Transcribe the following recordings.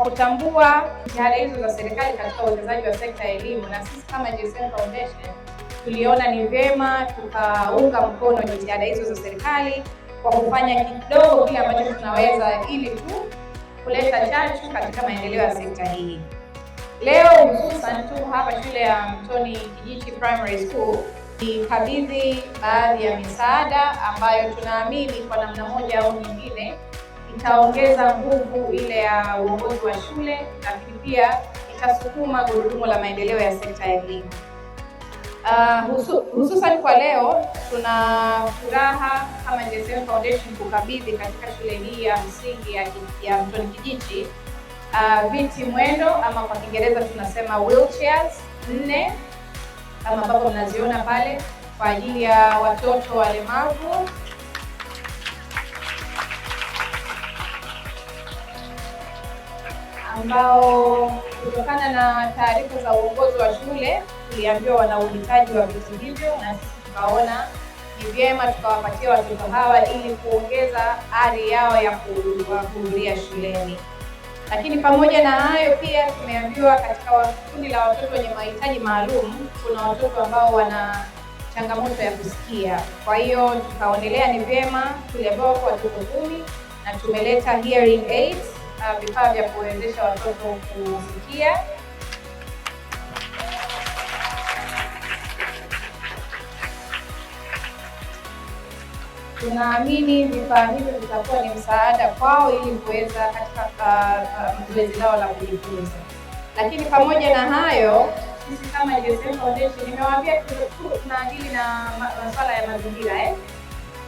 kwa kutambua jitihada hizo za serikali katika uwekezaji wa sekta ya elimu, na sisi kama GSM Foundation tuliona ni vyema tukaunga mkono jitihada hizo za serikali kwa kufanya kidogo kile ambacho tunaweza ili tu kuleta chachu katika maendeleo ya sekta hii. Leo hususan tu hapa shule ya Mtoni Kijichi Primary School kabidhi baadhi ya misaada ambayo tunaamini kwa namna moja au nyingine itaongeza nguvu ile ya uongozi wa shule, lakini pia itasukuma gurudumu la maendeleo ya sekta ya elimu. Uh, hususan kwa leo tuna furaha kama JSM Foundation kukabidhi katika shule hii ya msingi ya, ya Mtoni Kijichi uh, ah, viti mwendo ama kwa Kiingereza tunasema wheelchairs nne kama ambavyo mnaziona pale kwa ajili ya watoto walemavu ambao kutokana na taarifa za uongozi wa shule tuliambiwa wana uhitaji wa vitu hivyo, na sisi tukaona ni vyema tukawapatia watoto hawa ili kuongeza ari yao ya kuhudhuria shuleni. Lakini pamoja na hayo pia tumeambiwa katika kundi la watoto wenye mahitaji maalum kuna watoto ambao wana changamoto ya kusikia. Kwa hiyo tukaonelea ni vyema, tuliambiwa wako watoto kumi na tumeleta hearing aids na vifaa vya kuwezesha watoto kusikia. Tunaamini vifaa hivyo vitakuwa ni msaada kwao ili kuweza katika ah, ah, zoezi lao la kujifunza. Lakini pamoja na hayo, sisi kama JSM Foundation nimewaambia tunaadili na masuala ya mazingira eh?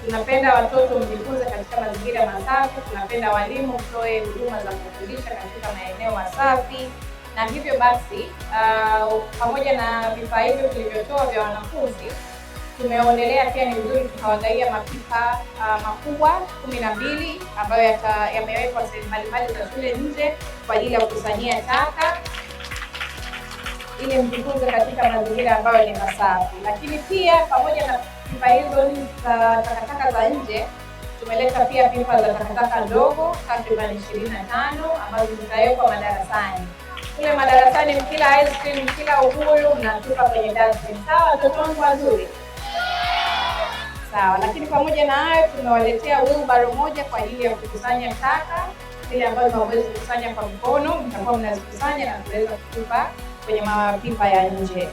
Tunapenda watoto mjifunze katika mazingira masafi, tunapenda walimu mtoe huduma za kufundisha katika maeneo masafi, na hivyo basi uh, pamoja na vifaa hivyo vilivyotoa vya wanafunzi tumeonelea pia ni vizuri tukawagaia mapipa uh, makubwa kumi na mbili ambayo yamewekwa sehemu mbalimbali za shule nje kwa ajili ya kukusanyia taka ili mjifunze katika mazingira ambayo ni masafi, lakini pia pamoja na Hizo ni za takataka za nje. Tumeleta pia pipa za takataka ndogo takriban ishirini na tano ambazo zitawekwa madarasani. Kule madarasani mkila ice cream, mkila ubuyu mnatupa kwenye dustbin. Sawa watoto wangu wazuri? Sawa. Lakini pamoja na hayo, tumewaletea wheelbarrow moja kwa ajili ya kukusanya taka zile ambazo hamwezi kukusanya kwa mkono, mtakuwa mnazikusanya na kuweza kutupa kwenye mapipa ya nje.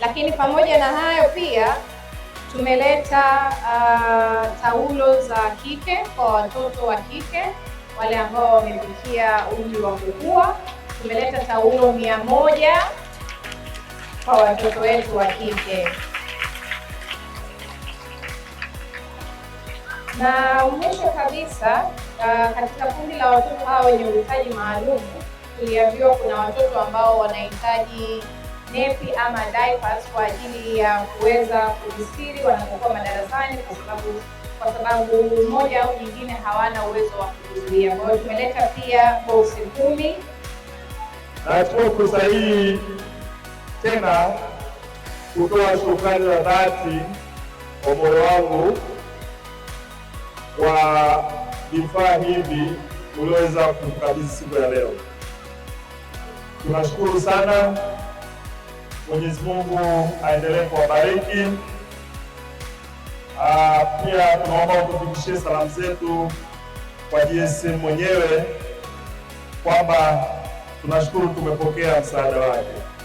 Lakini pamoja na hayo pia Tumeleta uh, taulo za kike kwa watoto wa kike wale ambao wamefikia umri wa kukua. Tumeleta taulo mia moja kwa watoto wetu wa kike, na mwisho kabisa uh, katika kundi la watoto hawa wenye uhitaji maalum tuliambiwa kuna watoto ambao wanahitaji nepi ama diapers kwa ajili ya kuweza kujisiri wanapokuwa madarasani, kwa sababu kwa sababu moja au nyingine hawana uwezo wa kuhudhuria. Kwa hiyo tumeleta pia boksi kumi. Nachukua fursa hii tena kutoa shukrani za dhati kwa moyo wangu kwa vifaa hivi ulioweza kukabidhi siku ya leo. Tunashukuru sana. Mwenyezi Mungu aendelee kuwabariki. Ah, pia tunaomba utufikishie salamu zetu kwa GSM mwenyewe kwamba tunashukuru tumepokea msaada wake.